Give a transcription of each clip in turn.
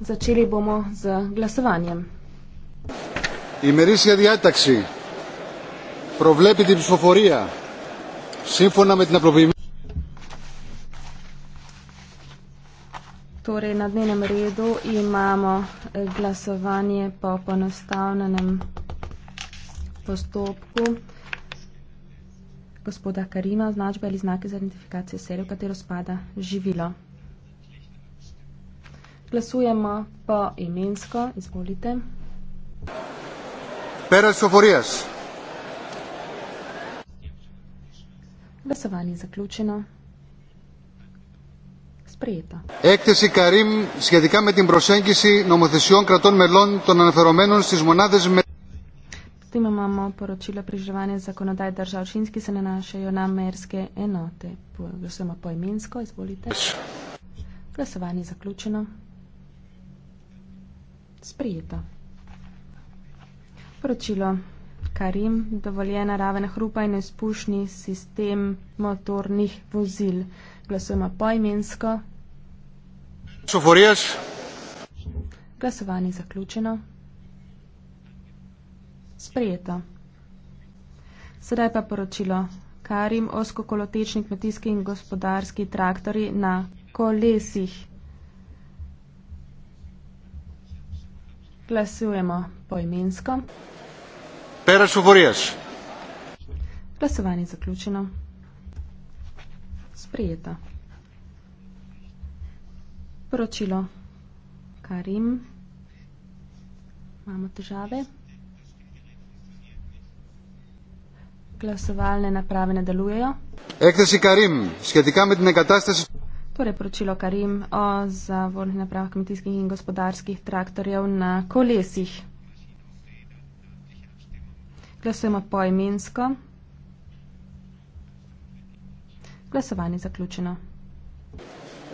Začeli bomo z glasovanjem. Imerisija diataksi. Provlepiti psoforija. Simfona med naprobimi. Torej, na dnevnem redu imamo eh, glasovanje po ponostavnenem postopku gospoda Karima, označba ali znake za identifikacijo serijo, v katero spada živilo. Glasujemo po imensko. Izvolite. Perez Soforijas. Glasovanje zaključeno. Έκθεση Καρύμ σχετικά με την προσέγγιση νομοθεσιών κρατών μελών των αναφερομένων στις μονάδες με... Τι με μάμα, προτσίλα πριζεβάνε ζακονοτάει τα σε νένα σε ιονά μέρσκε ενώτε που γλωσσέμα από η Μίνσκο, εσβολείτε. Γλωσσοβάνε ζακλούτσινο sprejeta. Poročilo Karim, dovoljena raven hrupa in izpušni sistem motornih vozil. Glasujemo poimensko. Soforijas. Glasovanje zaključeno. Sprejeto. Sedaj pa poročilo Karim, oskokolotečni kmetijski in gospodarski traktori na kolesih. Glasujemo poimensko. Peraš Uvorijaš. Glasovanje zaključeno. Sprijeta. Poročilo Karim. Imamo težave. Glasovalne naprave ne delujejo. Έκθεση Καρύμ σχετικά με την εγκατάσταση torej poročilo Karim o zavornih napravah kmetijskih in gospodarskih traktorjev na kolesih. Glasujemo poimensko. Glasovanje zaključeno.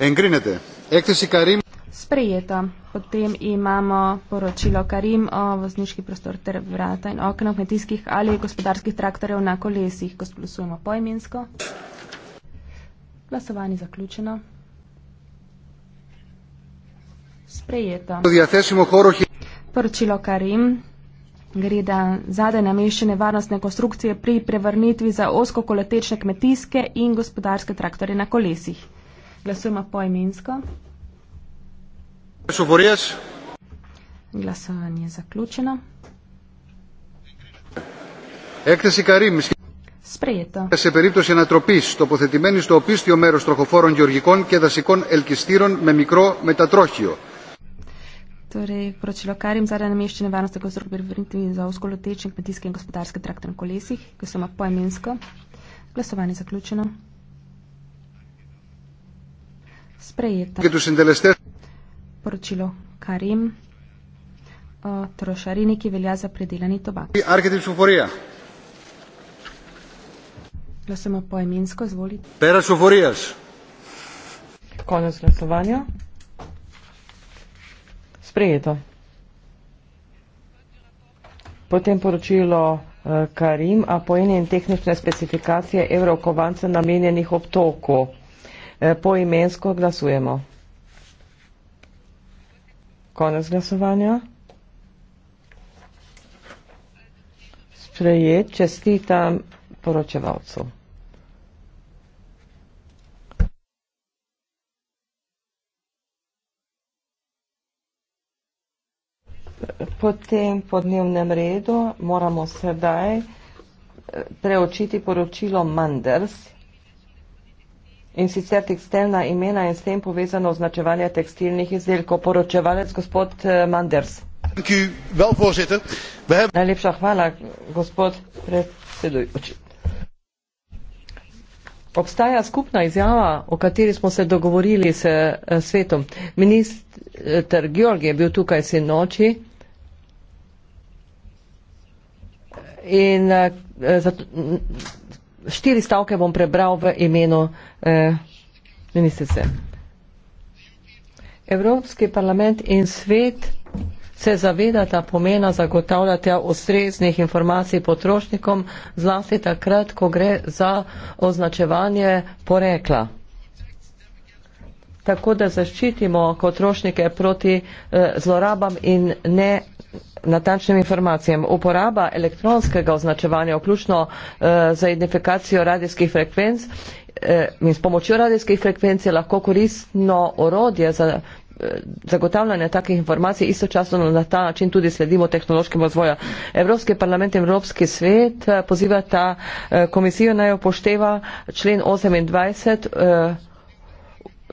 Engrinete, ekstasi Karim. Sprejeto. Potem imamo poročilo Karim o vozniški prostor ter vrata in okna kmetijskih ali gospodarskih traktorjev na kolesih. Glasujemo poimensko. Glasovanje zaključeno sprejeta. Prčilo Karim. Gre da zadaj nameščene varnostne konstrukcije pri prevrnitvi za oskokoletečne kmetijske in gospodarske traktore na kolesih. Glasujemo poimensko. Glasovanje je zaključeno. Sprejeto. Torej, poročilo Karim zaradi nameščene varnosti gozdrov pri vrnitvi za oskoloteče in kmetijske in gospodarske traktor na kolesih, ki so ima poemensko. Glasovanje zaključeno. Sprejeto. Poročilo Karim. O trošarini, ki velja za predelani tobak. Glasujemo poemensko, izvolite. Konec glasovanja sprejeto. Potem poročilo eh, Karim, a po eni in tehnične specifikacije evrokovance namenjenih obtoku. Eh, po imensko glasujemo. Konec glasovanja. Sprejet, čestitam poročevalcu. potem po dnevnem redu moramo sedaj eh, preučiti poročilo Manders in sicer tekstilna imena in s tem povezano označevanje tekstilnih izdelkov. Poročevalec gospod eh, Manders. Wel, We have... Najlepša hvala, gospod predsedujoči. Obstaja skupna izjava, o kateri smo se dogovorili s eh, svetom. Ministr Georgi je bil tukaj sinoči noči In uh, eh, zato, štiri stavke bom prebral v imenu uh, ministrice. Evropski parlament in svet se zavedata pomena zagotavljata ustreznih informacij potrošnikom, zlasti takrat, ko gre za označevanje porekla. Tako da zaščitimo potrošnike proti uh, zlorabam in ne natančnim informacijam. Uporaba elektronskega označevanja, vključno eh, za identifikacijo radijskih frekvenc eh, in s pomočjo radijskih frekvenc je lahko koristno orodje za eh, zagotavljanje takih informacij, istočasno na ta način tudi sledimo tehnološkem razvoju. Evropski parlament in Evropski svet eh, pozivata eh, komisijo naj upošteva člen 28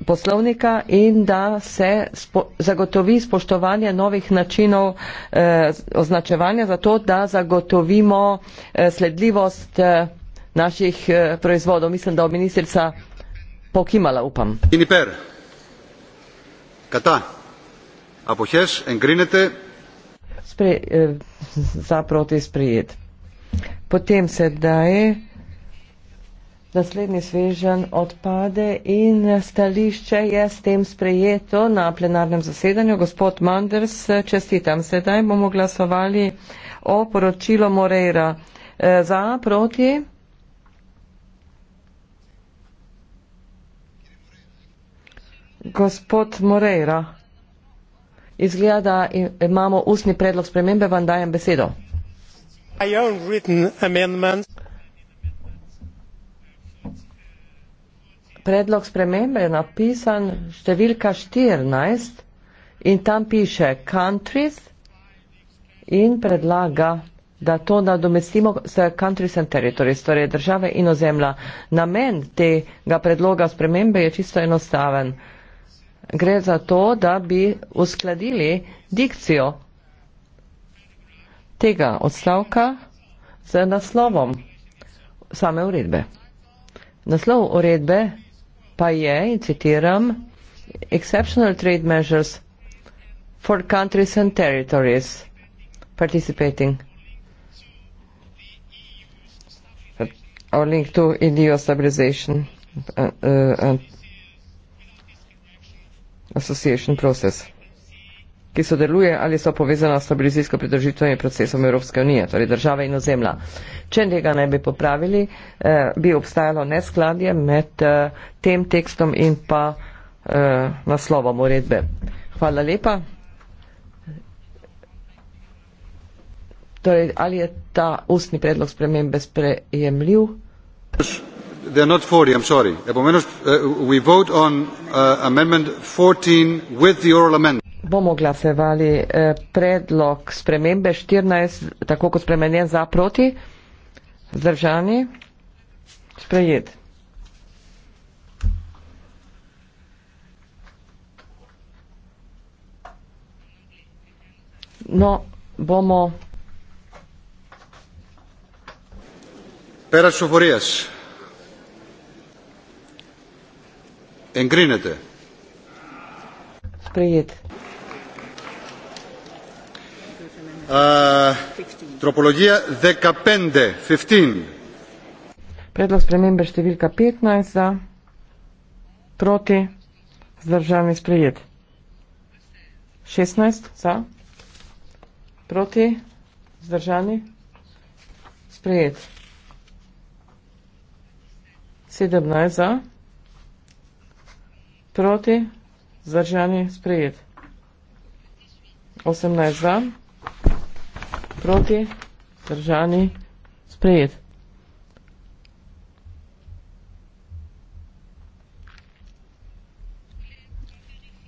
poslovnika in da se spo, zagotovi spoštovanje novih načinov eh, označevanja za to, da zagotovimo eh, sledljivost eh, naših eh, proizvodov. Mislim, da bo ministrica pokimala, upam. Iniper, kata, apohes, engrinete. Spre, eh, za proti sprejet. Potem sedaj. Eh, Naslednji svežen odpade in stališče je s tem sprejeto na plenarnem zasedanju. Gospod Manders, čestitam. Sedaj bomo glasovali o poročilo Moreira. E, za, proti? Gospod Moreira, izgleda, da imamo ustni predlog spremembe, vam dajem besedo. predlog spremembe je napisan številka 14 in tam piše countries in predlaga, da to nadomestimo s countries and territories, torej države in ozemlja. Namen tega predloga spremembe je čisto enostaven. Gre za to, da bi uskladili dikcijo tega odstavka z naslovom same uredbe. Naslov uredbe pa je, in citiram, exceptional trade measures for countries and territories participating. or link to EU stabilization uh, uh, and association process ki sodeluje ali so povezana s stabilizacijsko pridržitvenim procesom Evropske unije, torej države in ozemlja. Če tega ne bi popravili, eh, bi obstajalo neskladje med eh, tem tekstom in pa eh, naslovom uredbe. Hvala lepa. Torej, ali je ta ustni predlog spremembe sprejemljiv? They are not 40, I'm sorry. Eh, we vote on uh, amendment 14 with the oral amendment bomo glasovali eh, predlog spremembe 14, tako kot spremenjen za proti, zdržani, sprejet. No, bomo. Pera šovorijas. Engrinete. Sprejet. Uh, tropologija dekapende fifteen predlog spremembe številka petnajst za proti zdržani sprejet šestnajst za proti zdržani sprejet sedemnajst za proti zdržani sprejet osemnajst za Proti? Zdržani? Sprejet.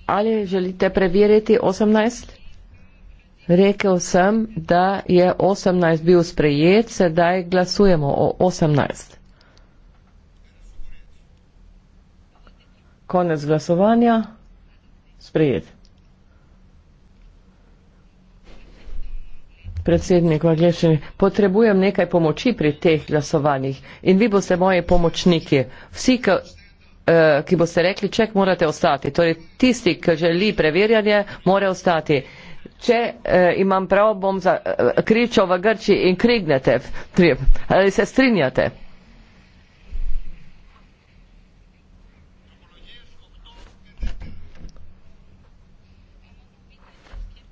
Ali želite preveriti 18? Rekel sem, da je 18 bil sprejet, sedaj glasujemo o 18. Konec glasovanja. Sprejet. predsednik v angleščini, potrebujem nekaj pomoči pri teh glasovanjih in vi boste moji pomočniki. Vsi, ki, uh, eh, ki boste rekli, ček, morate ostati. Torej, tisti, ki želi preverjanje, mora ostati. Če uh, imam prav, bom za, uh, kričal v Grči in krignete. Ali se strinjate?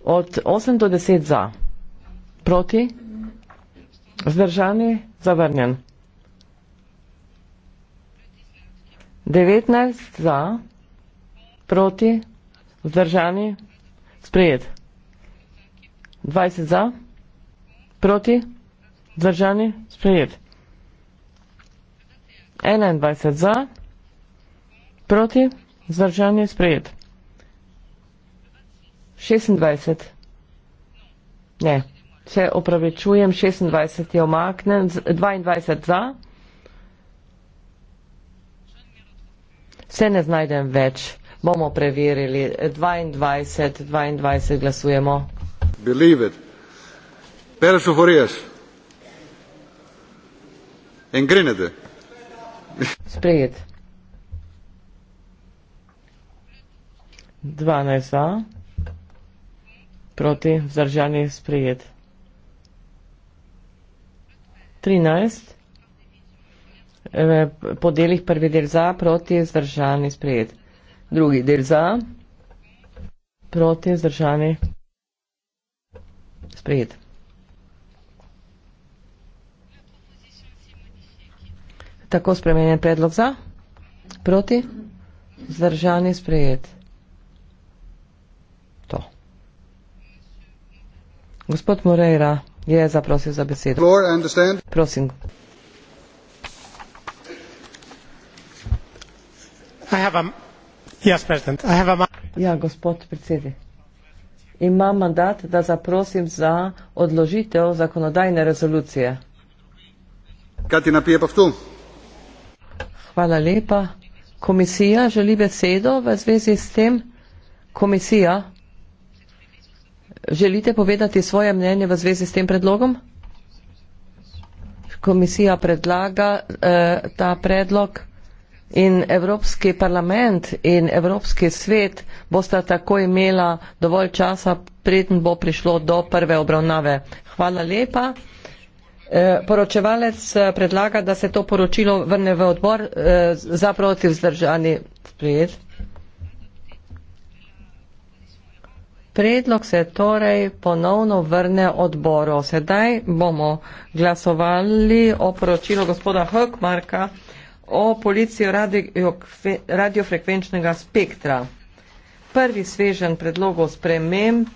Od 8 do 10 za. Proti? Zdržani? Zavrnjen. 19 za. Proti? Zdržani? Sprejet. 20 za. Proti? Zdržani? Sprejet. 21 za. Proti? Zdržani? Sprejet. 26. Ne. Se opravičujem, 26 je omaknen, 22 za. Se ne znajdem več, bomo preverili. 22, 22 glasujemo. Believe it. Perez Ufurijas. In Grinede. Sprejet. 12 za. Proti, vzdržani, sprejet. 13. E, po delih prvi del za, proti, zdržani, sprejet. Drugi del za, proti, zdržani, sprejet. Tako spremenjen predlog za, proti, zdržani, sprejet. To. Gospod Moreira. Je zaprosil za besedo. Floor, Prosim. Yes, ja, gospod predsednik. Imam mandat, da zaprosim za odložitev zakonodajne rezolucije. Hvala lepa. Komisija želi besedo v zvezi s tem. Komisija. Želite povedati svoje mnenje v zvezi s tem predlogom? Komisija predlaga eh, ta predlog in Evropski parlament in Evropski svet bosta tako imela dovolj časa, preden bo prišlo do prve obravnave. Hvala lepa. Eh, poročevalec eh, predlaga, da se to poročilo vrne v odbor eh, za protivzdržani. Prijet. Predlog se torej ponovno vrne odboru. Sedaj bomo glasovali o poročilu gospoda Hökmarka o policiji radio, radiofrekvenčnega spektra. Prvi svežen predlogov sprememb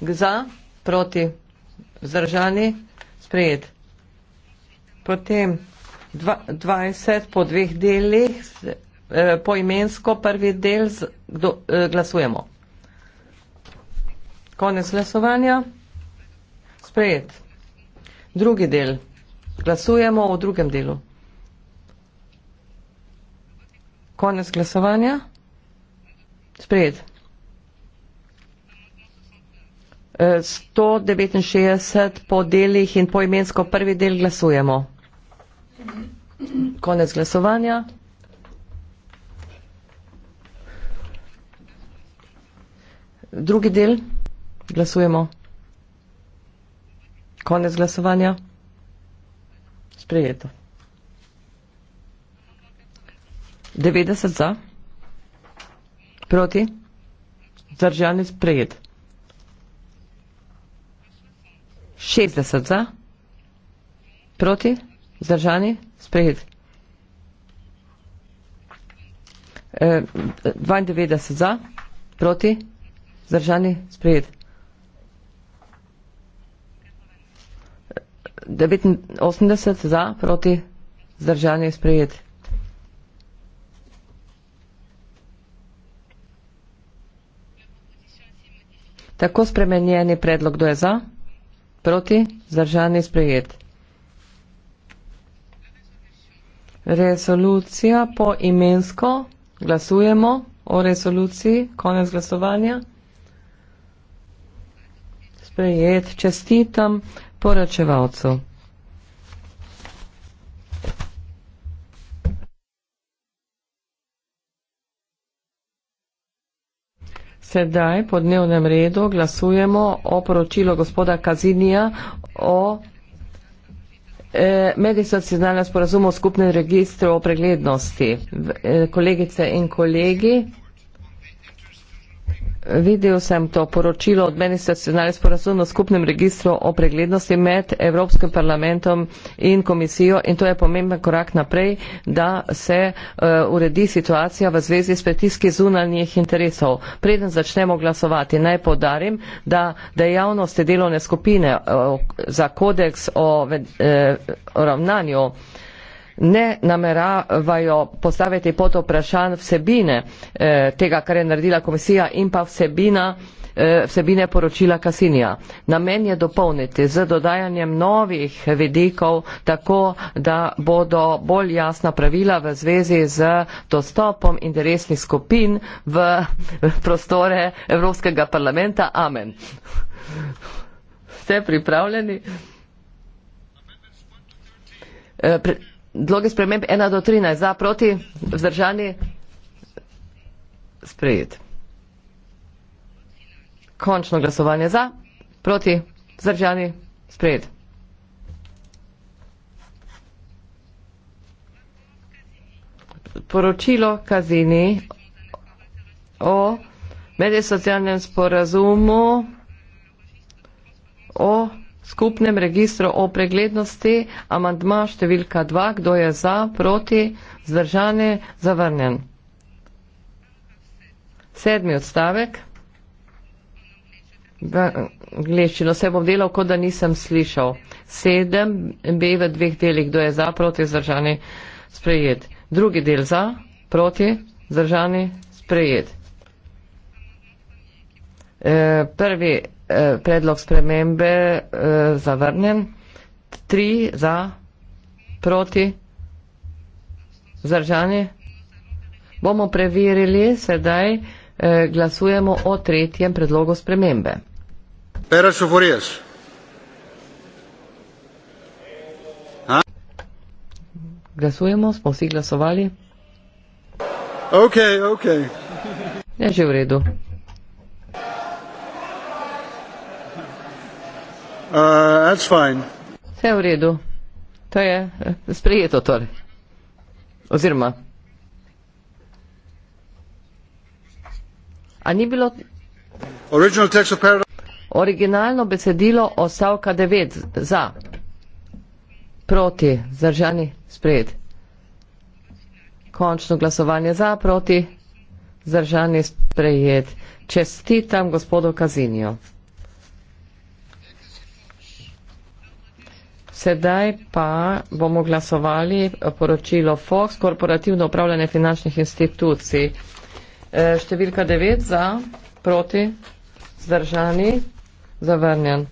za proti zdržani sprejet. Potem 20 po dveh delih, eh, poimensko prvi del, kdo eh, glasujemo. Konec glasovanja. Sprejet. Drugi del. Glasujemo o drugem delu. Konec glasovanja. Sprejet. 169 e, po delih in poimensko prvi del glasujemo. Konec glasovanja. Drugi del. Glasujemo. Konec glasovanja. Sprejeto. 90 za. Proti. Zdržani sprejet. 60 za. Proti. Zdržani sprejet. 92 eh, za. Proti. Zdržani sprejet. 89 za, proti zdržanje je sprejet. Tako spremenjeni predlog, kdo je za, proti zdržanje je sprejet. Resolucija po imensko, glasujemo o resoluciji, konec glasovanja. Sprejet, čestitam poročevalcev. Sedaj po dnevnem redu glasujemo o poročilu gospoda Kazinija o eh, medisocijalnem sporazumu skupne registre o preglednosti. Eh, kolegice in kolegi. Videl sem to poročilo od ministrstvenale sporazum o skupnem registru o preglednosti med Evropskim parlamentom in komisijo in to je pomemben korak naprej, da se uh, uredi situacija v zvezi s pritiski zunanjih interesov. Preden začnemo glasovati, naj podarim, da dejavnosti delovne skupine uh, za kodeks o uh, ravnanju uh, ne nameravajo postaviti pod vprašanj vsebine eh, tega, kar je naredila komisija in pa vsebina, eh, vsebine poročila Kasinija. Namen je dopolniti z dodajanjem novih vidikov, tako da bodo bolj jasna pravila v zvezi z dostopom interesnih skupin v prostore Evropskega parlamenta. Amen. Ste pripravljeni? Eh, pre Dloge sprememb 1 do 13, za, proti, vzdržani, sprejet. Končno glasovanje za, proti, vzdržani, sprejet. Poročilo kazini o medijsocialnem sporazumu o medijsocialnem sporazumu skupnem registru o preglednosti amandma številka 2, kdo je za, proti, zdržane, zavrnjen. Sedmi odstavek. V gleščino se bom delal, kot da nisem slišal. Sedem B v dveh delih, kdo je za, proti, zdržani, sprejet. Drugi del za, proti, zdržani, sprejet. E, prvi Eh, predlog spremembe eh, zavrnjen. Tri za, proti, zdržanje. Bomo preverili, sedaj eh, glasujemo o tretjem predlogu spremembe. Pera Šuforijas. Glasujemo, smo vsi glasovali. Ok, ok. Je že v redu. Uh, Vse je v redu. To je eh, sprejeto torej. Oziroma. A ni bilo. Originalno besedilo o stavka 9 za, proti, zdržani, sprejet. Končno glasovanje za, proti, zdržani, sprejet. Čestitam gospodu Kazinijo. Sedaj pa bomo glasovali poročilo FOX, korporativno upravljanje finančnih institucij. E, številka 9 za, proti, zdržani, zavrnjen.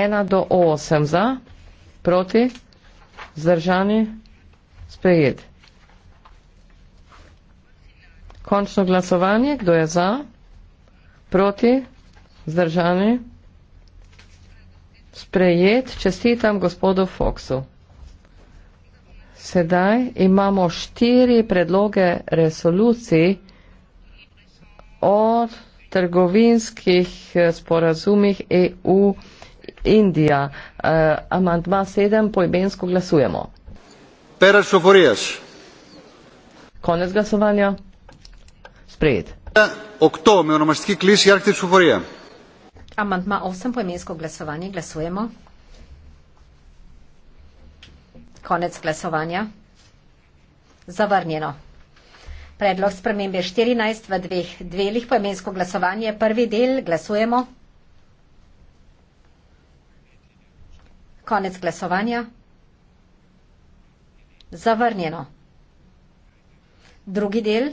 1 do 8 za, proti, zdržani, sprejet. Končno glasovanje, kdo je za, proti, zdržani. Zdržani. Sprejet. Čestitam gospodu Foxu. Sedaj imamo štiri predloge resolucij o trgovinskih eh, sporazumih EU-Indija. Uh, eh, amantma 7 poimensko glasujemo. Pera Šoforijaš. Konec glasovanja. Sprejet. Okto, mi imamo štiri klici Arktičko Šoforijaš. Amantma 8, poemensko glasovanje, glasujemo. Konec glasovanja. Zavrnjeno. Predlog spremembe 14 v dveh delih, poemensko glasovanje, prvi del, glasujemo. Konec glasovanja. Zavrnjeno. Drugi del.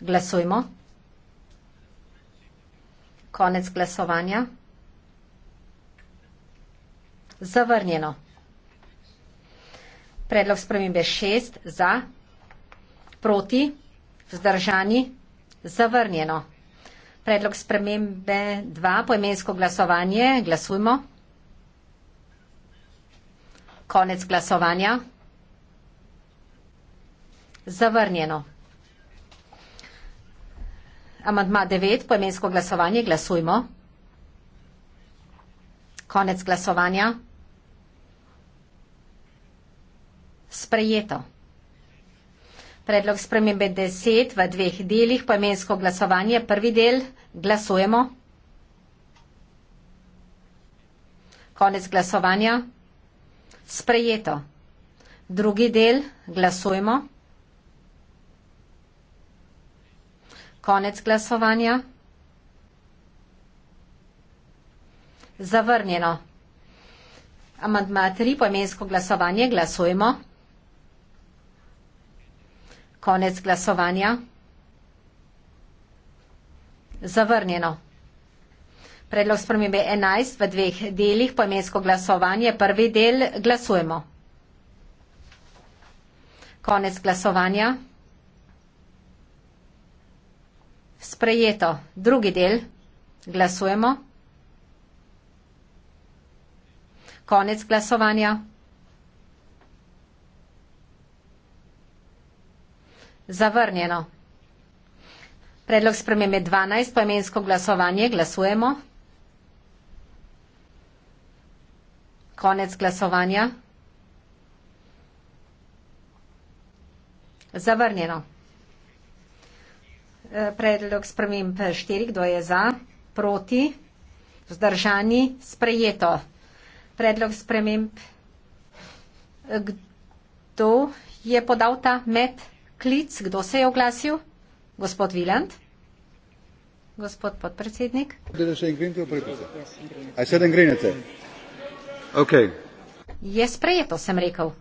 Glasujmo. Konec glasovanja. Zavrnjeno. Predlog spremembe šest za, proti, vzdržani, zavrnjeno. Predlog spremembe dva, poimensko glasovanje, glasujmo. Konec glasovanja. Zavrnjeno. Amandma 9, poemensko glasovanje, glasujmo. Konec glasovanja. Sprejeto. Predlog spremembe 10 v dveh delih, poemensko glasovanje, prvi del, glasujemo. Konec glasovanja. Sprejeto. Drugi del, glasujmo. Konec glasovanja. Zavrnjeno. Amandma 3, poimensko glasovanje, glasujemo. Konec glasovanja. Zavrnjeno. Predlog spremembe 11 v dveh delih, poimensko glasovanje, prvi del, glasujemo. Konec glasovanja. Sprejeto. Drugi del. Glasujemo. Konec glasovanja. Zavrnjeno. Predlog spremembe 12, poimensko glasovanje. Glasujemo. Konec glasovanja. Zavrnjeno predlog sprememb štiri, kdo je za, proti, vzdržani, sprejeto. Predlog sprememb, eh, kdo je podal ta med klic, kdo se je oglasil? Gospod Viland. Gospod podpredsednik. Okay. Je sprejeto, sem rekel.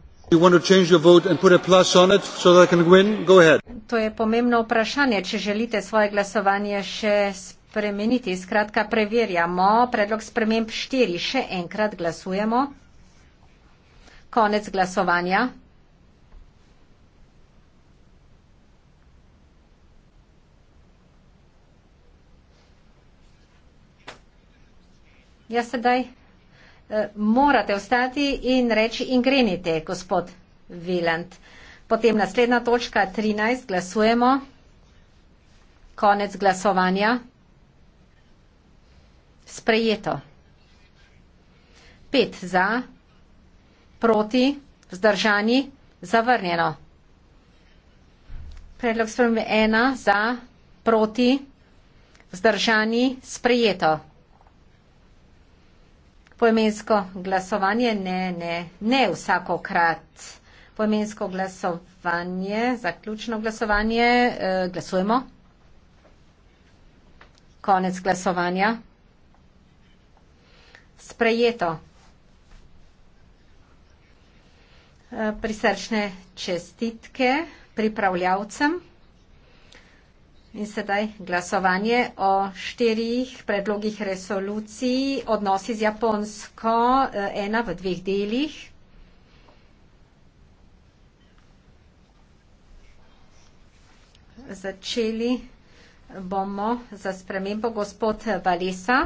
To je pomembno vprašanje, če želite svoje glasovanje še spremeniti. Skratka, preverjamo predlog sprememb štiri. Še enkrat glasujemo. Konec glasovanja. Ja, sedaj Eh, morate ostati in reči in grenite, gospod Viland. Potem naslednja točka 13, glasujemo. Konec glasovanja. Sprejeto. Pet za, proti, vzdržani, zavrnjeno. Predlog spremembe ena za, proti, vzdržani, sprejeto. Poemensko glasovanje, ne, ne, ne vsakokrat. Poemensko glasovanje, zaključno glasovanje, eh, glasujemo. Konec glasovanja. Sprejeto. Eh, prisrčne čestitke pripravljavcem. In sedaj glasovanje o štirih predlogih resolucij odnosi z Japonsko, eh, ena v dveh delih. Začeli bomo za spremembo gospod Valesa.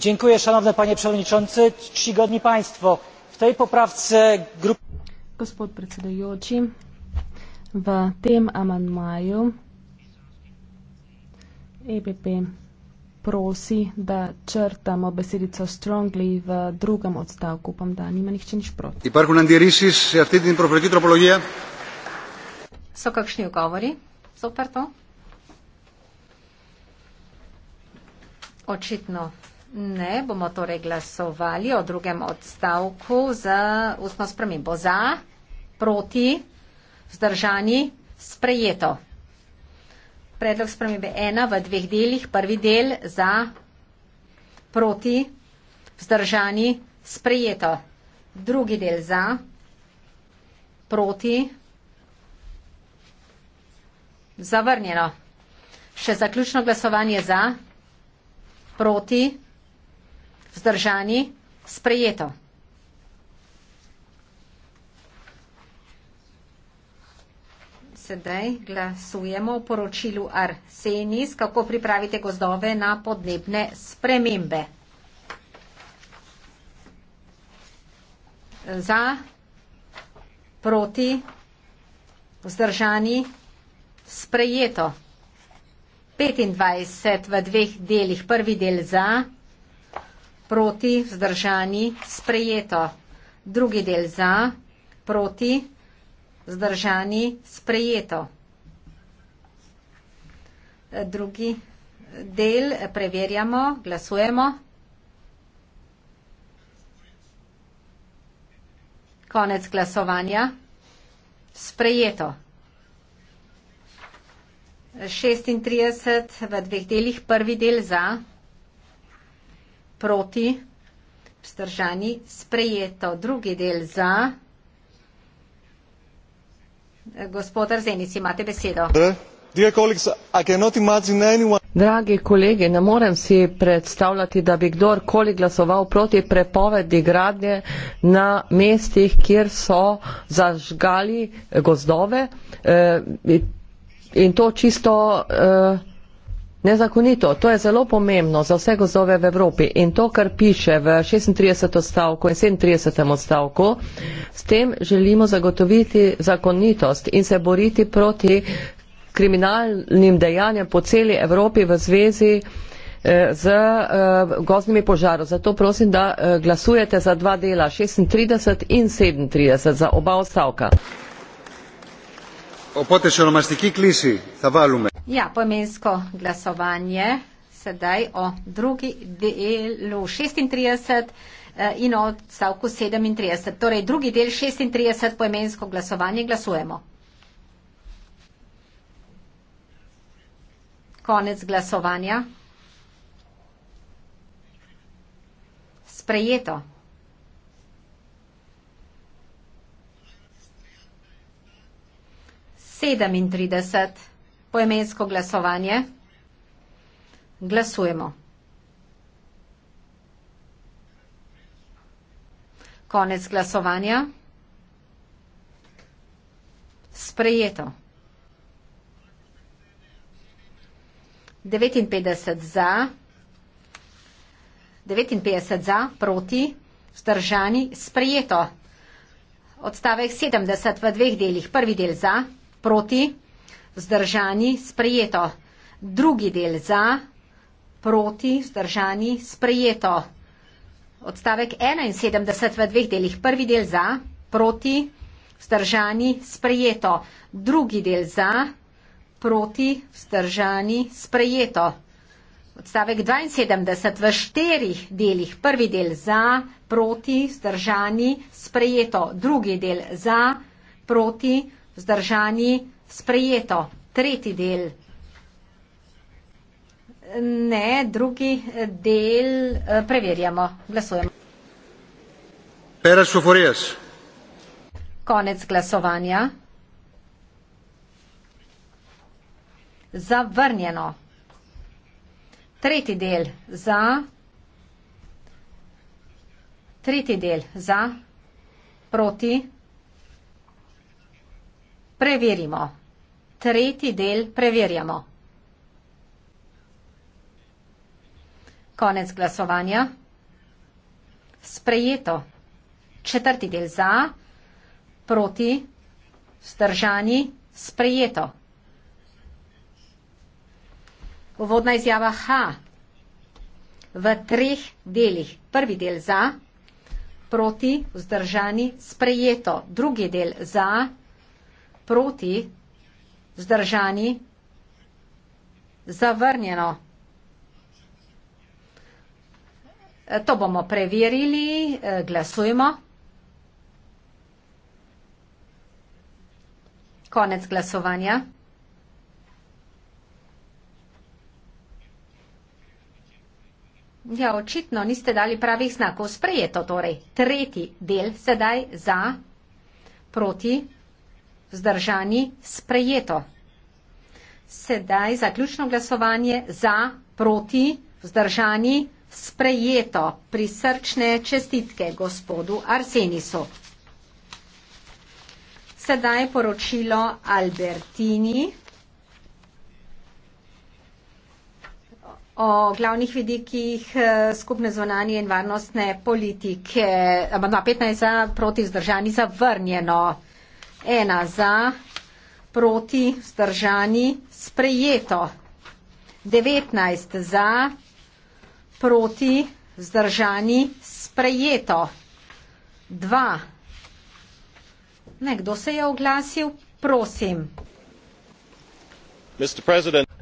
Dziękuję, szanowny panie przewodniczący, czcigodni państwo. W tej poprawce grupy... Gospod predsedujoči, v tem amandmaju EPP prosi, da črtamo besedico strongly v drugem odstavku. Upam, da nima nihče nič proti. So kakšni ogovori zoper to? Očitno ne. Bomo torej glasovali o drugem odstavku za ustno spremembo. Za? Proti? Vzdržani sprejeto. Predlog spremembe ena v dveh delih, prvi del za proti, vzdržani sprejeto. Drugi del za proti, zavrnjeno. Še zaključno glasovanje za proti, vzdržani sprejeto. Sedaj glasujemo o poročilu Arsenis, kako pripravite gozdove na podnebne spremembe. Za, proti, vzdržani, sprejeto. 25 v dveh delih. Prvi del za, proti, vzdržani, sprejeto. Drugi del za, proti, vzdržani zdržani, sprejeto. Drugi del preverjamo, glasujemo. Konec glasovanja. Sprejeto. 36 v dveh delih, prvi del za, proti, vzdržani, sprejeto, drugi del za. Gospod Arzenic, imate besedo. Dragi kolegi, ne morem si predstavljati, da bi kdorkoli glasoval proti prepovedi gradnje na mestih, kjer so zažgali gozdove eh, in to čisto eh, Nezakonito, to je zelo pomembno za vse gozove v Evropi in to, kar piše v 36. odstavku in 37. odstavku, s tem želimo zagotoviti zakonitost in se boriti proti kriminalnim dejanjem po celi Evropi v zvezi eh, z eh, gozdnimi požarov. Zato prosim, da eh, glasujete za dva dela, 36 in 37, za oba odstavka. Opote, če nam stiki kliši, zavalume. Ja, poimensko glasovanje sedaj o drugi delu 36 eh, in o stavku 37. Torej, drugi del 36, poimensko glasovanje, glasujemo. Konec glasovanja. Sprejeto. Sedemintrideset poemensko glasovanje. Glasujemo. Konec glasovanja. Sprejeto. 59 za, 59 za, proti, vzdržani, sprejeto. Odstavek 70 v dveh delih. Prvi del za, proti vzdržani, sprejeto. Drugi del za, proti, vzdržani, sprejeto. Odstavek 71 v dveh delih. Prvi del za, proti, vzdržani, sprejeto. Drugi del za, proti, vzdržani, sprejeto. Odstavek 72 v štirih delih. Prvi del za, proti, vzdržani, sprejeto. Drugi del za, proti, vzdržani, sprejeto sprejeto. Tretji del. Ne, drugi del eh, preverjamo. Glasujemo. Perez Soforijas. Konec glasovanja. Zavrnjeno. Tretji del za. Tretji del za. Proti. Preverimo. Tretji del preverjamo. Konec glasovanja. Sprejeto. Četrti del za, proti, vzdržani, sprejeto. Uvodna izjava H. V treh delih. Prvi del za, proti, vzdržani, sprejeto. Drugi del za, proti, zdržani, zavrnjeno. E, to bomo preverili, e, glasujmo. Konec glasovanja. Ja, očitno niste dali pravih znakov. Sprejeto torej. Tretji del sedaj za, proti vzdržani, sprejeto. Sedaj zaključno glasovanje za, proti, vzdržani, sprejeto. Prisrčne čestitke gospodu Arsenisu. Sedaj poročilo Albertini. o glavnih vidikih eh, skupne zvonanje in varnostne politike. Amandma 15 za proti zdržani zavrnjeno ena za, proti, vzdržani, sprejeto. 19 za, proti, vzdržani, sprejeto. 2. Nekdo se je oglasil, prosim.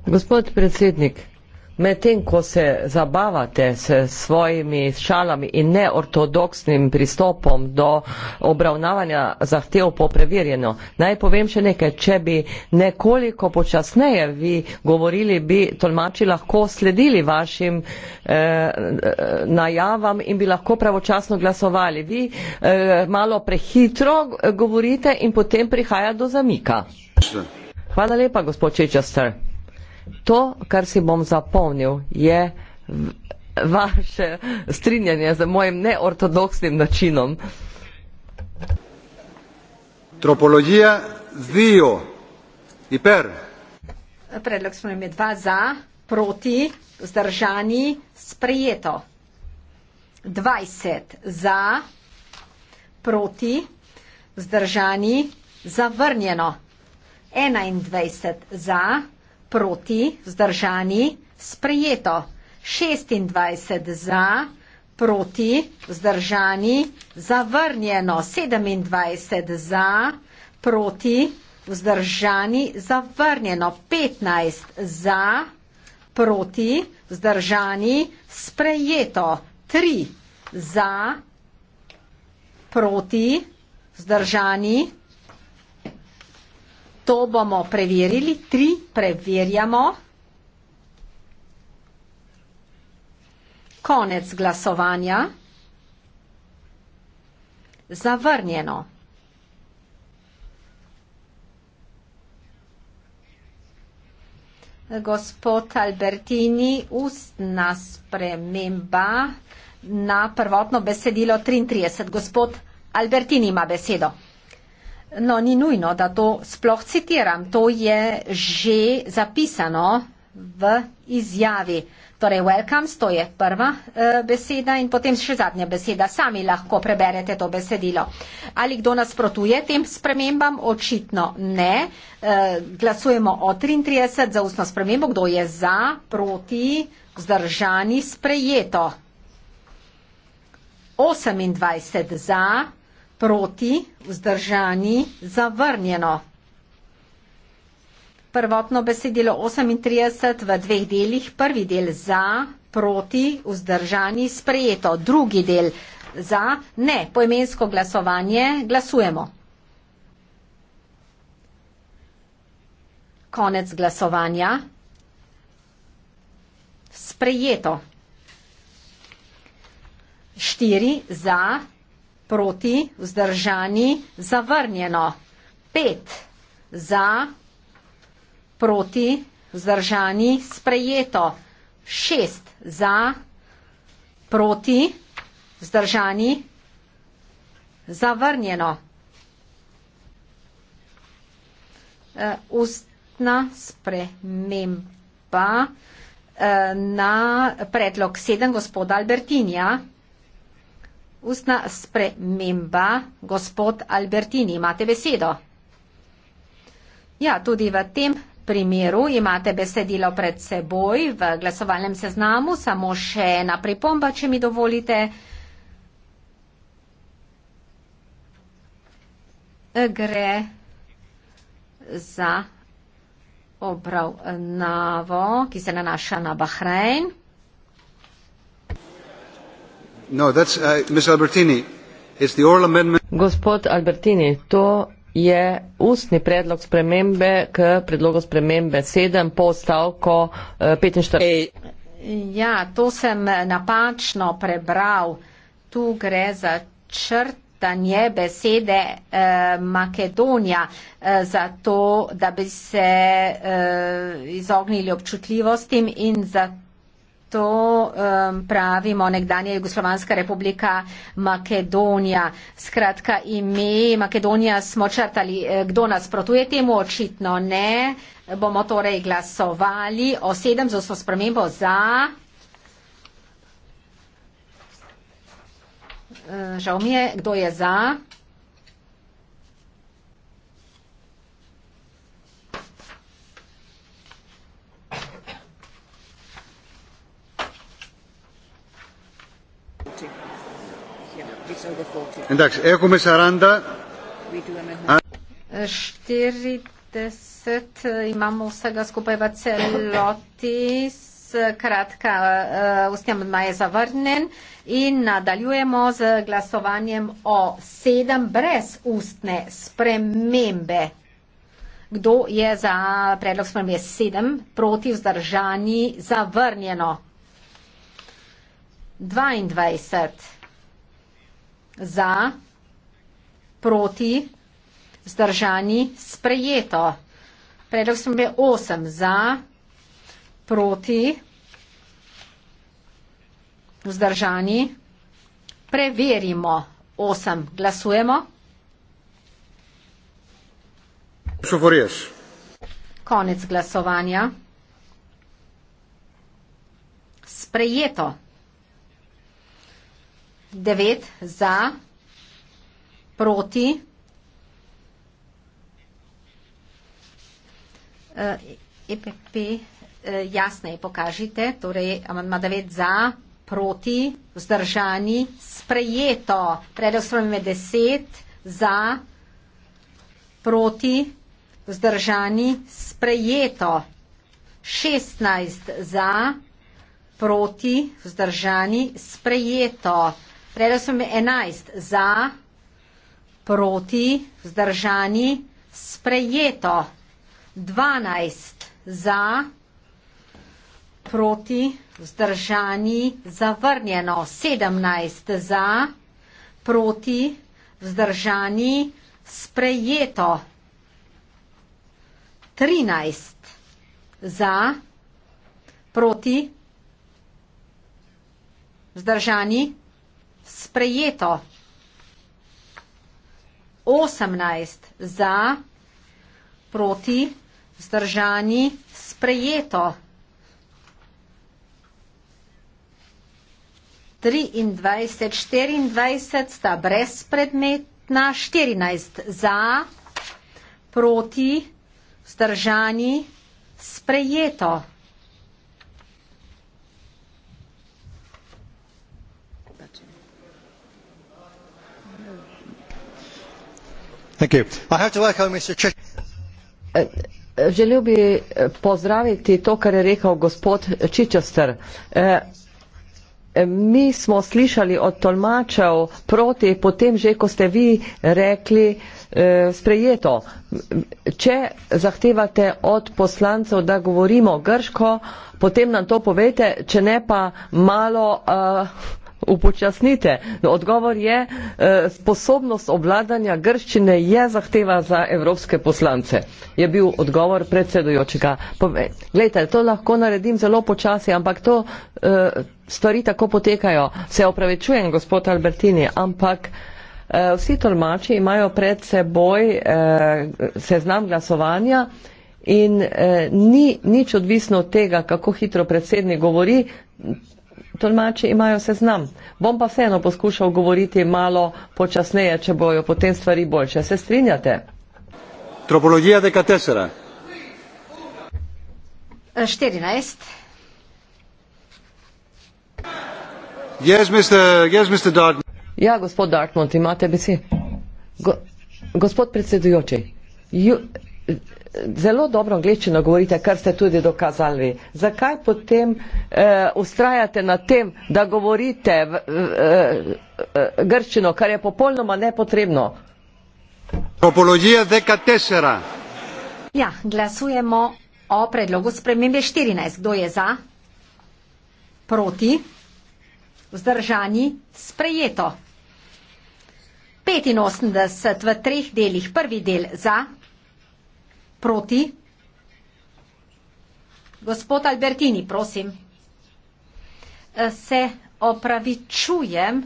Gospod predsednik. Medtem ko se zabavate s svojimi šalami in neortodoksnim pristopom do obravnavanja zahtev po preverjeno, naj povem še nekaj, če bi nekoliko počasneje vi govorili, bi tolmači lahko sledili vašim eh, najavam in bi lahko pravočasno glasovali. Vi eh, malo prehitro govorite in potem prihaja do zamika. Hvala lepa, gospod Čečester to, kar si bom zapomnil, je vaše strinjanje z mojim neortodoksnim načinom. Tropologija zdijo. Iper. Predlog smo imeli dva za, proti, vzdržani, sprejeto. 20 za, proti, vzdržani, zavrnjeno. 21 za, proti, vzdržani, sprejeto. 26 za, proti, vzdržani, zavrnjeno. 27 za, proti, vzdržani, zavrnjeno. 15 za, proti, vzdržani, sprejeto. 3 za, proti, vzdržani, sprejeto to bomo preverili, tri preverjamo. Konec glasovanja. Zavrnjeno. Gospod Albertini, ustna sprememba na prvotno besedilo 33. Gospod Albertini ima besedo. No, ni nujno, da to sploh citiram. To je že zapisano v izjavi. Torej, welcomes, to je prva e, beseda in potem še zadnja beseda. Sami lahko preberete to besedilo. Ali kdo nasprotuje tem spremembam? Očitno ne. E, glasujemo o 33 za ustno spremembo. Kdo je za, proti, vzdržani, sprejeto? 28 za, proti, vzdržani, zavrnjeno. Prvotno besedilo 38 v dveh delih, prvi del za, proti, vzdržani, sprejeto, drugi del za, ne, poimensko glasovanje, glasujemo. Konec glasovanja. Sprejeto. Štiri za, proti, vzdržani, zavrnjeno. Pet za, proti, vzdržani, sprejeto. Šest za, proti, vzdržani, zavrnjeno. Uh, ustna sprememba uh, na predlog sedem gospoda Albertinja. Ustna sprememba, gospod Albertini, imate besedo. Ja, tudi v tem primeru imate besedilo pred seboj v glasovalnem seznamu, samo še ena pripomba, če mi dovolite. Gre za obravnavo, ki se nanaša na Bahrein. No, uh, Gospod Albertini, to je ustni predlog spremembe k predlogu spremembe 7 po stavko 45. Eh, ja, to sem napačno prebral. Tu gre za črt je besede eh, Makedonija eh, za to, da bi se eh, izognili občutljivostim in za to um, pravimo nekdanja Jugoslovanska republika Makedonija. Skratka, ime Makedonija smo črtali. E, kdo nas protuje temu? Očitno ne. Bomo torej glasovali o sedem za so spremembo za. E, žal mi je, kdo je za? 40 imamo vsega skupaj v celoti. Kratka, eh, ustni amandma je zavrnen in nadaljujemo z glasovanjem o sedem brez ustne spremembe. Kdo je za predlog spremembe sedem proti vzdržani zavrnjeno? 22 za, proti, zdržani, sprejeto. Predlog smo imeli 8 za, proti, vzdržani, preverimo 8. Glasujemo. Soforijes. Konec glasovanja. Sprejeto devet za, proti. EPP, e e, jasne je pokažite, torej amandma devet za, proti, vzdržani, sprejeto, predlog spremembe deset za, proti, vzdržani, sprejeto, šestnajst za, proti, vzdržani, sprejeto. Prej sem imel 11 za, proti, vzdržani, sprejeto. 12 za, proti, vzdržani, zavrnjeno. 17 za, proti, vzdržani, sprejeto. 13 za, proti, vzdržani, sprejeto sprejeto. 18 za, proti, zdržani, sprejeto. 23, 24 sta brezpredmetna, 14 za, proti, zdržani, sprejeto. Thank you. I have to echo Mr. Ch- eh, eh, Želio bi eh, pozdraviti to, kar je rekao gospod Čičester. Mi smo slišali od tolmačev proti potem že, ko ste vi rekli sprejeto. Če zahtevate od poslancev, da govorimo grško, potem nam to povete, če ne pa malo upočasnite. No, odgovor je, eh, sposobnost obladanja grščine je zahteva za evropske poslance. Je bil odgovor predsedujočega. Glejte, to lahko naredim zelo počasi, ampak to eh, stvari tako potekajo. Se opravičujem, gospod Albertini, ampak eh, vsi tolmači imajo pred seboj eh, seznam glasovanja. In eh, ni nič odvisno od tega, kako hitro predsednik govori, Tolmači imajo seznam. Bom pa vseeno poskušal govoriti malo počasneje, če bojo potem stvari boljše. Se strinjate? Tropologija de Katesera. 14. Yes, Mr. Yes, Mr. Dartmouth. Ja, gospod Dartmouth, imate besedo. Go, gospod predsedujoči, zelo dobro angliščino govorite, kar ste tudi dokazali. Zakaj potem uh, eh, ustrajate na tem, da govorite uh, uh, grščino, kar je popolnoma nepotrebno? Topologija dekatesera. Ja, glasujemo o predlogu spremembe 14. Kdo je za? Proti? Vzdržani? Sprejeto. 85 v treh delih. Prvi del za, Proti. Gospod Albertini, prosim. E, se opravičujem,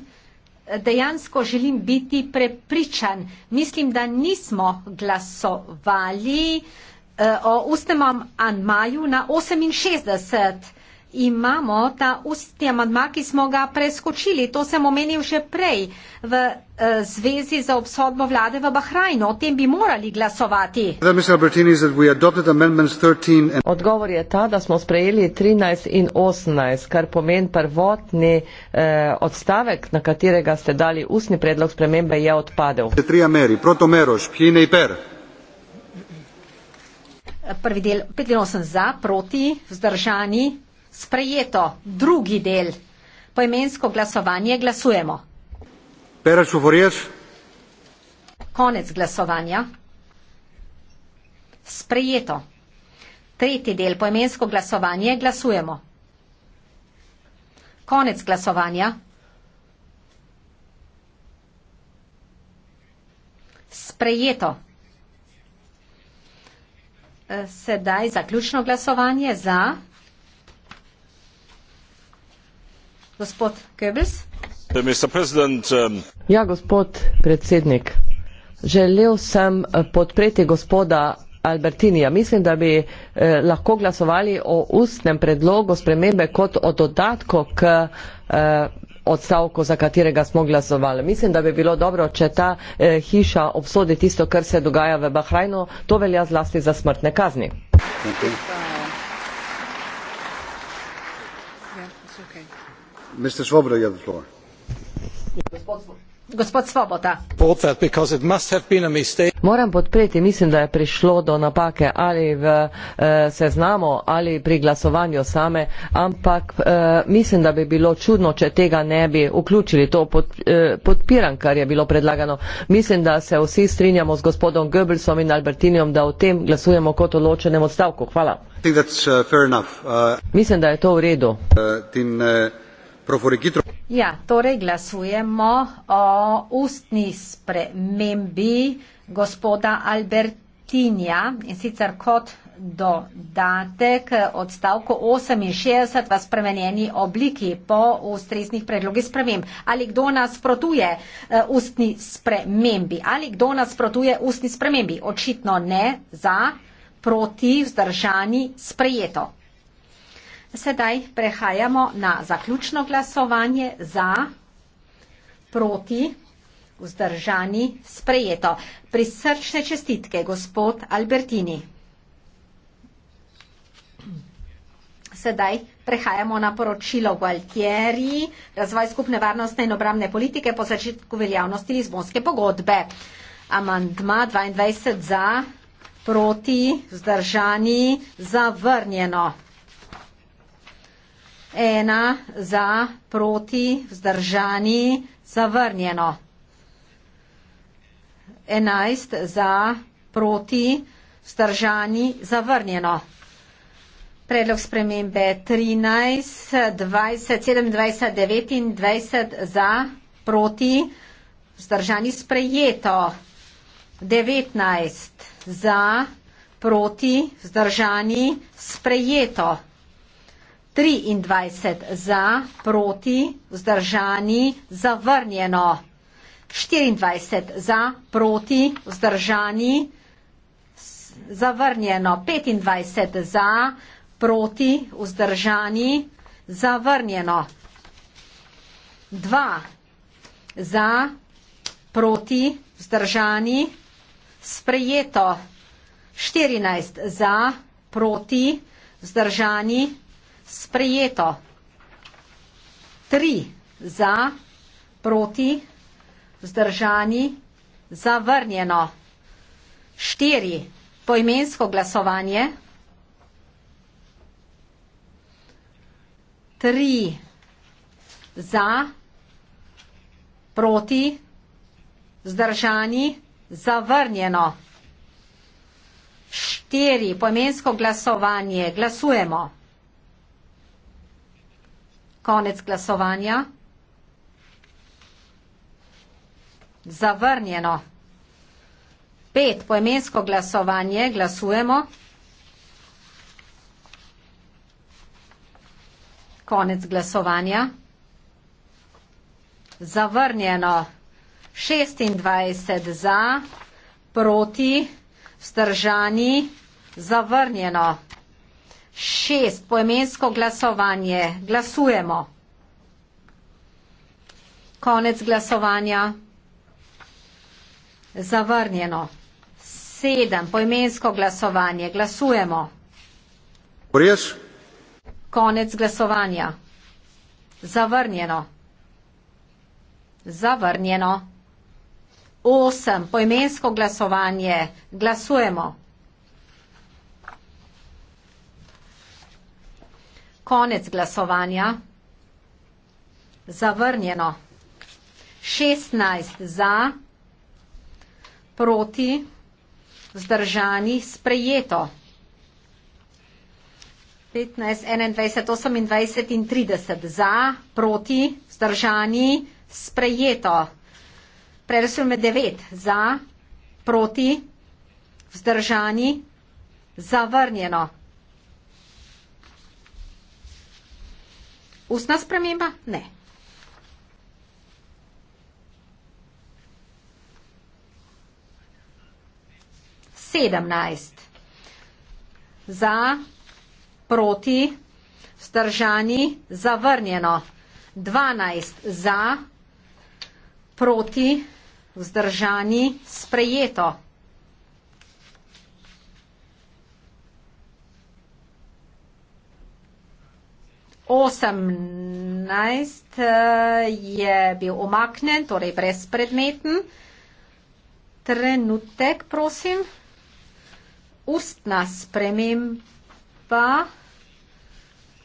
dejansko želim biti prepričan. Mislim, da nismo glasovali e, o ustnem anmaju na 68 imamo ta ustni amadma, ki smo ga preskočili. To sem omenil še prej v uh, zvezi za obsodbo vlade v Bahrajnu. O tem bi morali glasovati. Odgovor je ta, da smo sprejeli 13 in 18, kar pomeni prvotni eh, odstavek, na katerega ste dali ustni predlog spremembe, je odpadel. Prvi del 85 za, proti, vzdržani. Sprejeto, drugi del. Poimensko glasovanje glasujemo. Perač Uforijas. Konec glasovanja. Sprejeto. Tretji del. Poimensko glasovanje glasujemo. Konec glasovanja. Sprejeto. E, sedaj zaključno glasovanje za. Uh, um, ja, gospod predsednik, želel sem eh, podpreti gospoda Albertinija. Mislim, da bi eh, lahko glasovali o ustnem predlogu spremembe kot o dodatku k eh, odstavku, za katerega smo glasovali. Mislim, da bi bilo dobro, če ta hiša obsodi tisto, kar se dogaja v Bahrajnu. To velja zlasti za smrtne kazni. Okay. moram podpreti mislim da je prišlo do napake ali v eh, seznamu ali pri glasovanju same ampak eh, mislim da bi bilo čudno če tega ne bi vključili to eh, podpiram kar je bilo predlagano mislim da se vsi strinjamo z gospodom goebbelsom in albertinijem da o tem glasujemo kot o ločenem odstavku hvala uh, uh, mislim da je to v redu uh, proforiki trojka. Ja, torej glasujemo o ustni spremembi gospoda Albertinja in sicer kot dodatek odstavku 68 v spremenjeni obliki po ustreznih predlogih sprememb. Ali kdo nas protuje eh, ustni spremembi? Ali kdo nas protuje ustni spremembi? Očitno ne za, proti, vzdržani, sprejeto. Sedaj prehajamo na zaključno glasovanje za, proti, vzdržani, sprejeto. Prisrčne čestitke, gospod Albertini. Sedaj prehajamo na poročilo Gualtieri, razvoj skupne varnostne in obramne politike po začetku veljavnosti Lizbonske pogodbe. Amandma 22 za, proti, vzdržani, zavrnjeno ena za, proti, vzdržani, zavrnjeno. Enajst za, proti, vzdržani, zavrnjeno. Predlog spremembe 13, 20, 27, 29 za, proti, vzdržani, sprejeto. 19 za, proti, vzdržani, sprejeto. 23 za, proti, vzdržani, zavrnjeno. 24 za, proti, vzdržani, zavrnjeno. 25 za, proti, vzdržani, zavrnjeno. 2 za, proti, vzdržani, sprejeto. 14 za, proti, vzdržani, sprejeto. Tri za, proti, zdržani, zavrnjeno. Štiri poimensko glasovanje. Tri za, proti, zdržani, zavrnjeno. Štiri poimensko glasovanje. Glasujemo. Konec glasovanja. Zavrnjeno. Pet poemensko glasovanje glasujemo. Konec glasovanja. Zavrnjeno. 26 za, proti, vzdržani, zavrnjeno šest, poemensko glasovanje. Glasujemo. Konec glasovanja. Zavrnjeno. Sedem, poemensko glasovanje. Glasujemo. Res? Konec glasovanja. Zavrnjeno. Zavrnjeno. Osem, poemensko glasovanje. Glasujemo. Konec glasovanja. Zavrnjeno. 16 za, proti, zdržani, sprejeto. 15, 21, 28 in 30 za, proti, zdržani, sprejeto. Prerasujem 9 za, proti, zdržani, zavrnjeno. Ustna sprememba? Ne. Sedemnajst. Za, proti, vzdržani, zavrnjeno. Dvanajst. Za, proti, vzdržani, sprejeto. 18 eh, je bil omaknen, torej brezpredmeten. Trenutek, prosim. Ustna sprememba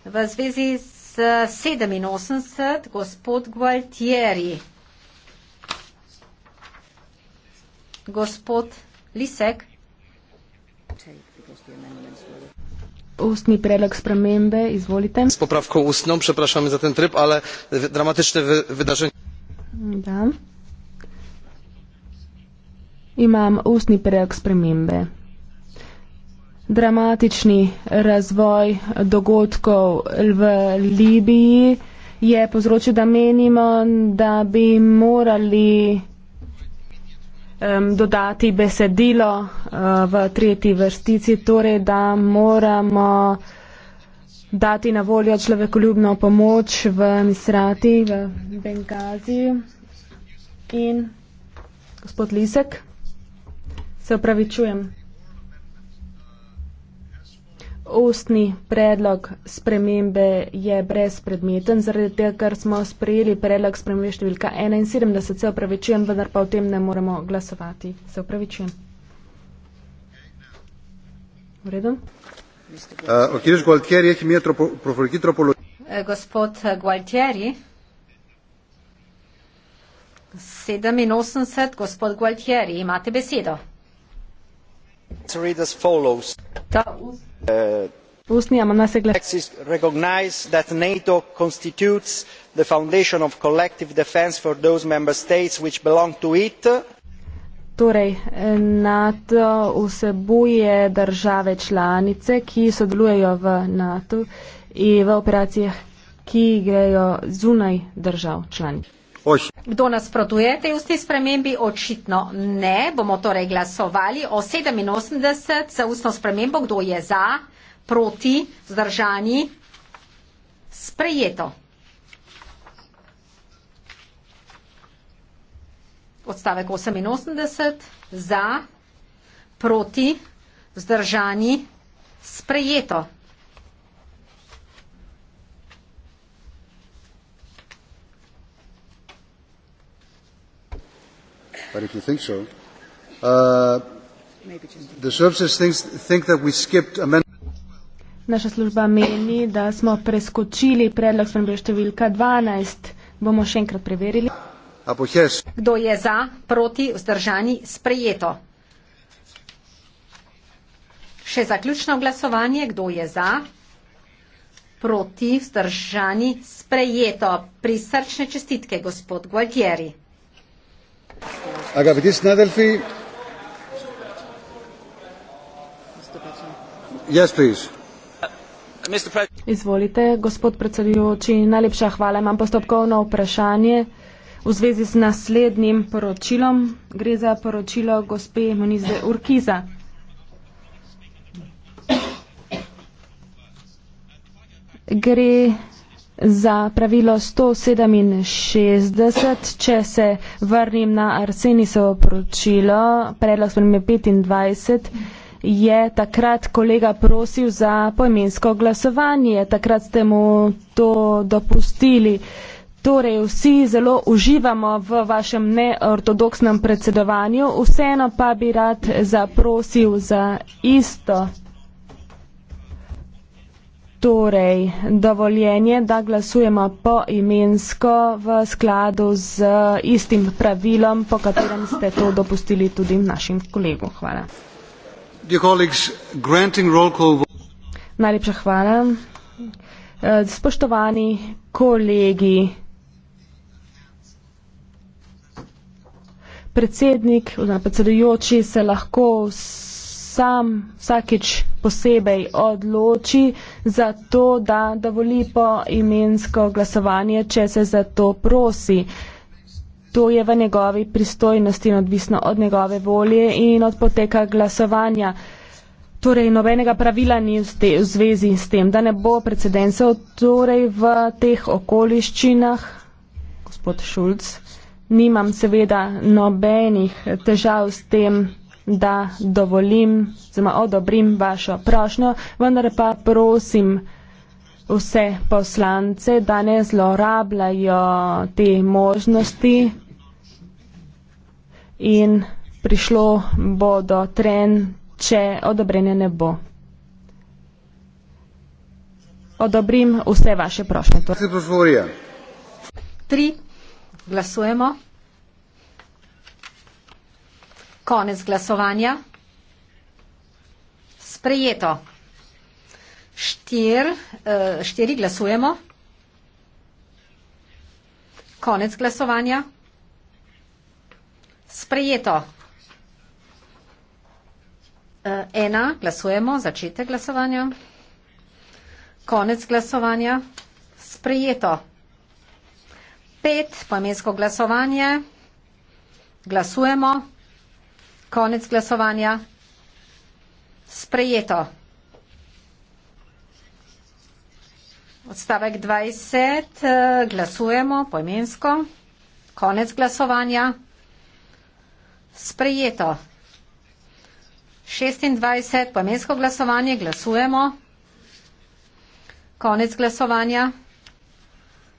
v zvezi z 87, gospod Gualtieri. Gospod Lisek. Take the best of your memory and story ustni prelog spremembe, izvolite. S popravko ustno, prepraszamy za ten tryb, ale dramatyczne wy wydarzenie. Da. Imam ustni prelog spremembe. Dramatični razvoj dogodkov v Libiji je povzročil, da menimo, da bi morali um, dodati besedilo uh, v tretji vrstici, torej da moramo dati na voljo človekoljubno pomoč v Misrati, v Bengazi in gospod Lisek. Se opravičujem ostni predlog spremembe je brezpredmeten, zaradi tega, ker smo sprejeli predlog spremembe številka 71, se upravičujem, vendar pa o tem ne moremo glasovati. Se upravičujem. V redu? Uh, Gualtieri, je tropo, uh, gospod eh, Gualtieri, 87, gospod Gualtieri, imate besedo. Ta ust recognise that nato constitutes the foundation of collective defence for those member states which belong to it. Torej, NATO vsebuje države članice, ki sodelujejo v NATO in v operacijah, ki grejo zunaj držav članic. 8. Kdo nasprotuje tej ustni spremembi? Očitno ne. Bomo torej glasovali o 87 za ustno spremembo. Kdo je za, proti, zdržani? Sprejeto. Odstavek 88 za, proti, zdržani, sprejeto. I don't think so. Uh, the services thinks, think that we skipped amendment. Naša služba meni, da smo preskočili predlog spremembe številka 12. Bomo še enkrat preverili. Yes. Kdo je za, proti, vzdržani, sprejeto? Še zaključno glasovanje. Kdo je za, proti, vzdržani, sprejeto? Prisrčne čestitke, gospod Gualtieri. Αγαπητοί συνάδελφοι, yes, please. Izvolite, gospod predsedujoči, najlepša hvala. Imam postopkovno vprašanje v zvezi z naslednjim poročilom. Gre za poročilo gospe Monize Urkiza. Gre za pravilo 167, če se vrnim na Arsenisovo poročilo, predlog spremembe 25, je takrat kolega prosil za poimensko glasovanje, takrat ste mu to dopustili. Torej, vsi zelo uživamo v vašem neortodoksnem predsedovanju, vseeno pa bi rad zaprosil za isto. Torej, dovoljenje, da glasujemo po imensko v skladu z istim pravilom, po katerem ste to dopustili tudi našim kolegom. Hvala. Najlepša hvala. E, spoštovani kolegi, predsednik oziroma predsedujoči se lahko. S sam vsakič posebej odloči za to, da dovoli po imensko glasovanje, če se za to prosi. To je v njegovi pristojnosti in odvisno od njegove volje in od poteka glasovanja. Torej, nobenega pravila ni v, ste, v zvezi s tem, da ne bo precedencev. Torej, v teh okoliščinah, gospod Šulc, nimam seveda nobenih težav s tem da dovolim, zelo odobrim vašo prošnjo, vendar pa prosim vse poslance, da ne zlorabljajo te možnosti in prišlo bo do tren, če odobrenje ne bo. Odobrim vse vaše prošnje. Tri. Glasujemo. Konec glasovanja. Sprejeto. Štir, eh, štiri glasujemo. Konec glasovanja. Sprejeto. Eh, ena, glasujemo, začete glasovanja. Konec glasovanja. Sprejeto. Pet, pojmensko glasovanje. Glasujemo. Konec glasovanja. Sprejeto. Odstavek 20. Eh, glasujemo poimensko. Konec glasovanja. Sprejeto. 26. Poimensko glasovanje. Glasujemo. Konec glasovanja.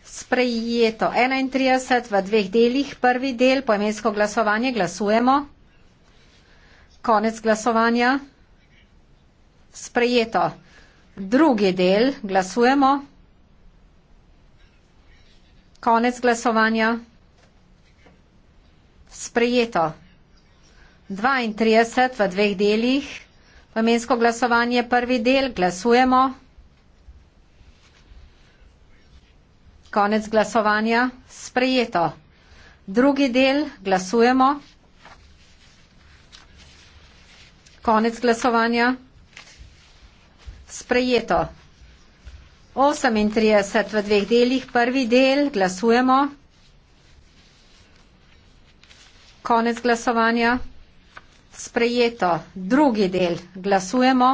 Sprejeto. 31 v dveh delih. Prvi del. Poimensko glasovanje. Glasujemo. Konec glasovanja. Sprejeto. Drugi del. Glasujemo. Konec glasovanja. Sprejeto. 32 v dveh delih. Pomensko glasovanje prvi del. Glasujemo. Konec glasovanja. Sprejeto. Drugi del. Glasujemo. Konec glasovanja. Sprejeto. 38 v dveh delih. Prvi del. Glasujemo. Konec glasovanja. Sprejeto. Drugi del. Glasujemo.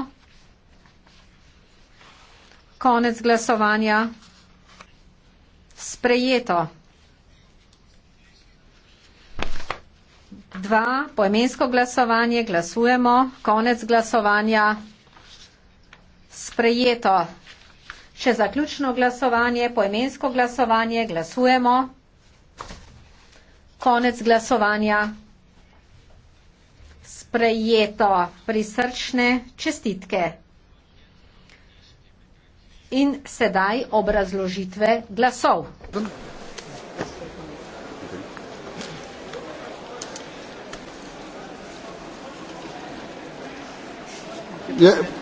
Konec glasovanja. Sprejeto. dva, poemensko glasovanje, glasujemo, konec glasovanja, sprejeto. Še zaključno glasovanje, poemensko glasovanje, glasujemo, konec glasovanja, sprejeto, prisrčne čestitke. In sedaj obrazložitve glasov. je,